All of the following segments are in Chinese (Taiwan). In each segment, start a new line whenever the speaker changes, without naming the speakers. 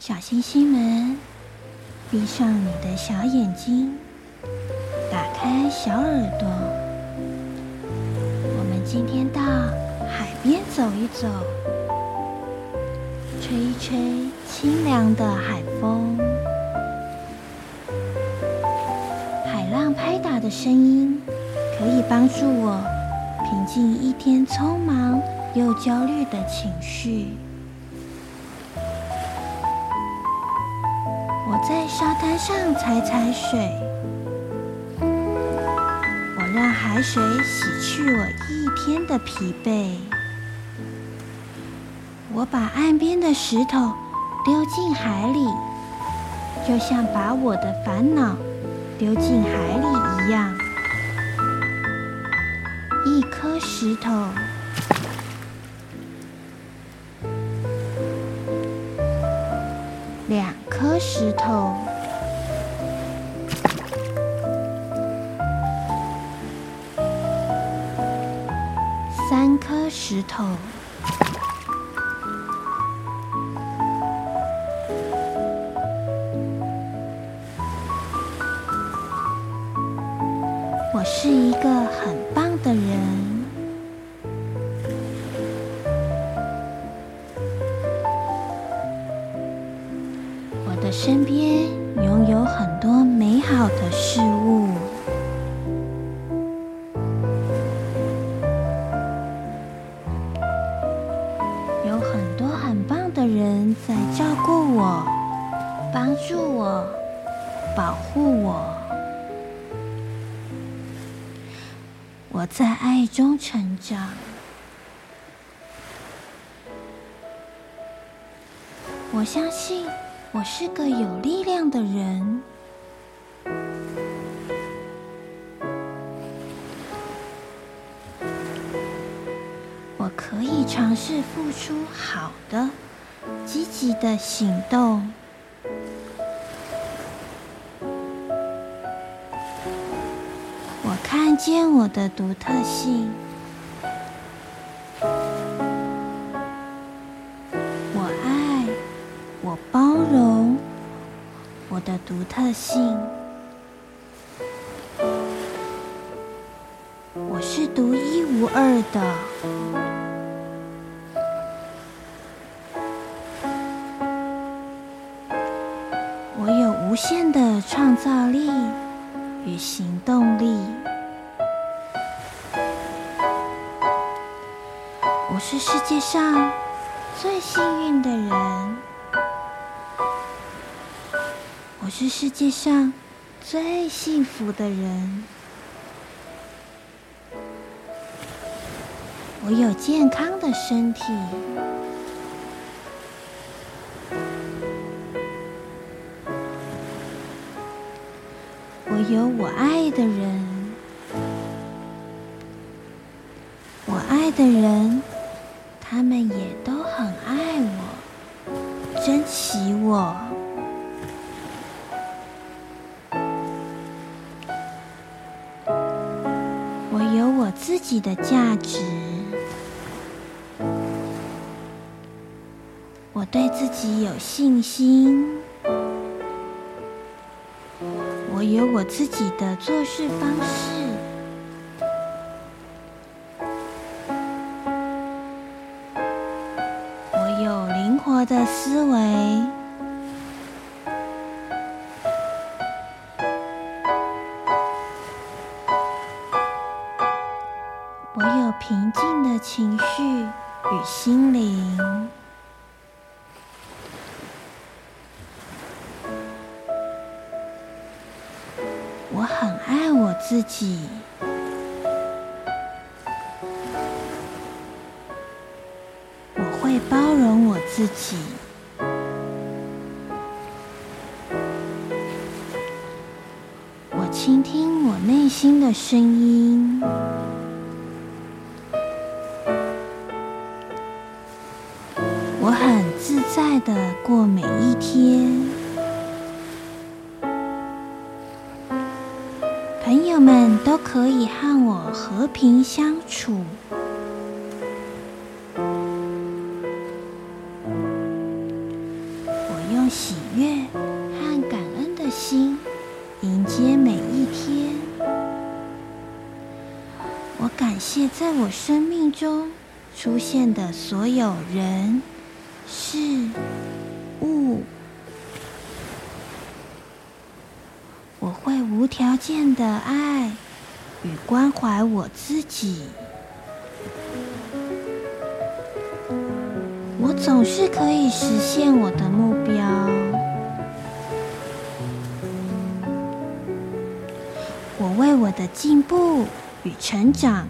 小星星們，閉上你的小眼睛，打開小耳朵。我們今天到海邊走一走，吹一吹清涼的海風。海浪拍打的聲音可以幫助我平靜一天匆忙又焦慮的情緒。在沙灘上踩踩水，我讓海水洗去我一天的疲憊。我把岸邊的石頭丟進海裡，就像把我的煩惱丟進海裡一樣。一顆石頭。石頭，三顆石頭。我是一個很。很棒的人在照顧我，幫助我，保護我。我在愛中成長。我相信我是個有力量的人。我可以嘗試付出好的、積極的行動。我看見我的獨特性。我愛，我包容，我的獨特性。我是獨一無二的。無限的創造力與行動力，我是世界上最幸運的人，我是世界上最幸福的人，我有健康的身體。有我愛的人，我愛的人，他們也都很愛我，珍惜我。我有我自己的價值，我對自己有信心。我自己的做事方式，我有靈活的思維。愛我自己，我會包容我自己，我傾聽我內心的聲音，我很自在的過每一天。朋友們都可以和我和平相處。我用喜悅和感恩的心迎接每一天。我感謝在我生命中出現的所有人、事物。我會無條件的愛與關懷我自己。我總是可以實現我的目標。我為我的進步與成長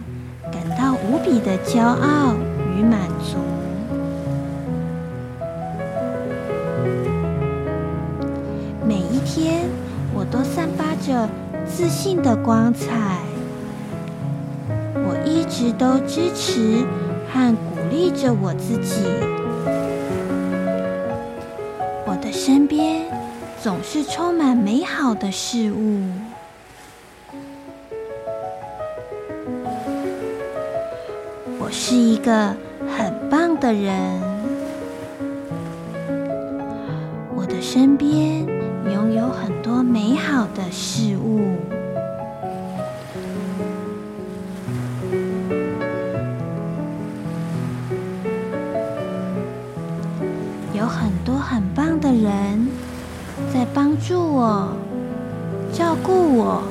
感到無比的驕傲與滿足。都散發着自信的光彩。我一直都支持和鼓勵着我自己。我的身邊總是充滿美好的事物。我是一個很棒的人。我的身邊。有很多美好的事物，有很多很棒的人在幫助我、照顧我、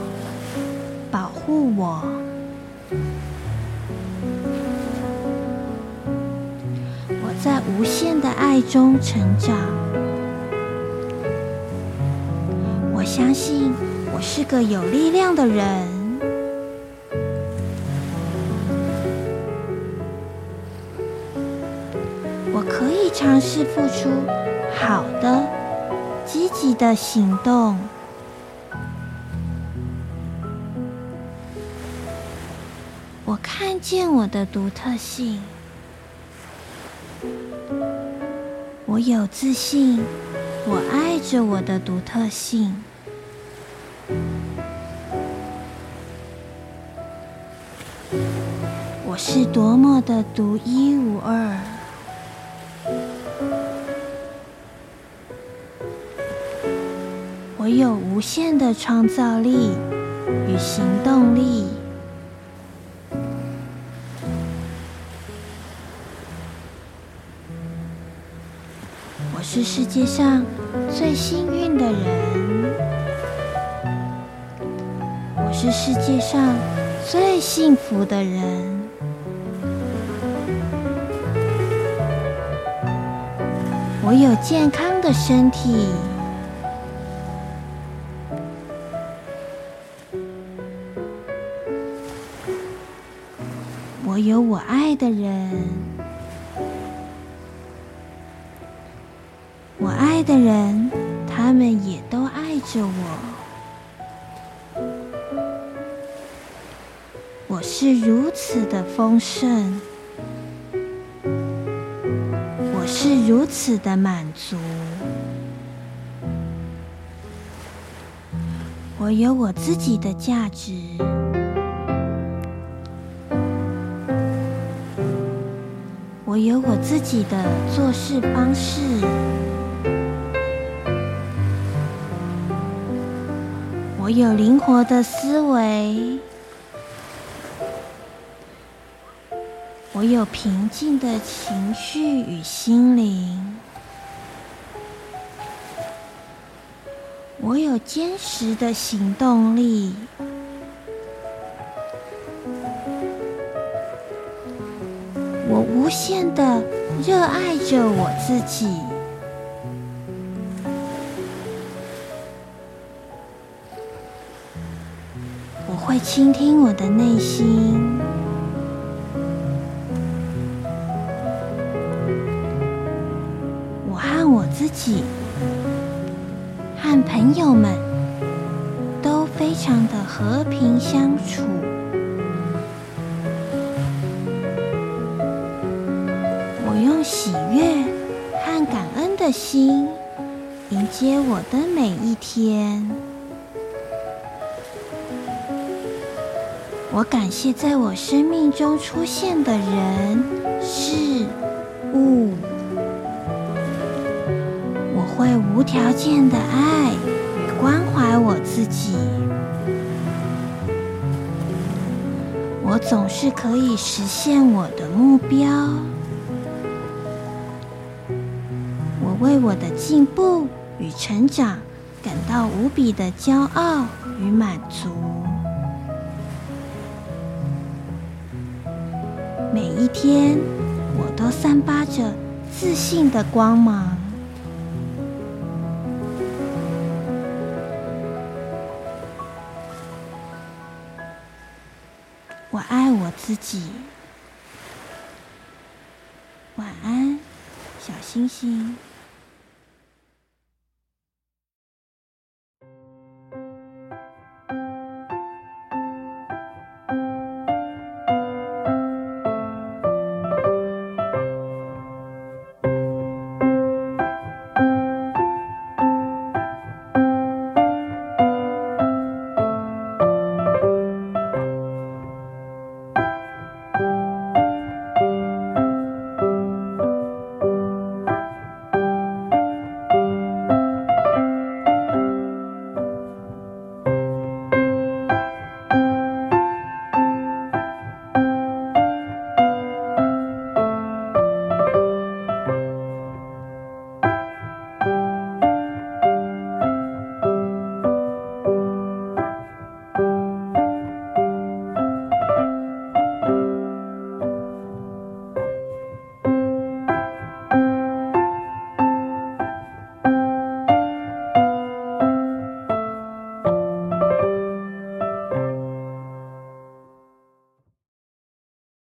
保護我。我在無限的愛中成長。相信我是個有力量的人，我可以嘗試付出好的、積極的行動。我看見我的獨特性，我有自信，我愛着我的獨特性。我是多麼的獨一無二！我有無限的創造力與行動力。我是世界上最幸運的人。是世界上最幸福的人。我有健康的身體，我有我愛的人，我愛的人，他們也都愛着我。我是如此的豐盛，我是如此的滿足，我有我自己的價值，我有我自己的做事方式，我有靈活的思維。我有平靜的情緒與心靈，我有堅實的行動力，我無限地熱愛着我自己，我會傾聽我的內心。己和朋友們都非常的和平相處。我用喜悅和感恩的心迎接我的每一天。我感謝在我生命中出現的人、事、物。無條件的愛與關懷，我自己。我總是可以實現我的目標。我為我的進步與成長感到無比的驕傲與滿足。每一天，我都散發着自信的光芒。我愛我自己。晚安，小星星。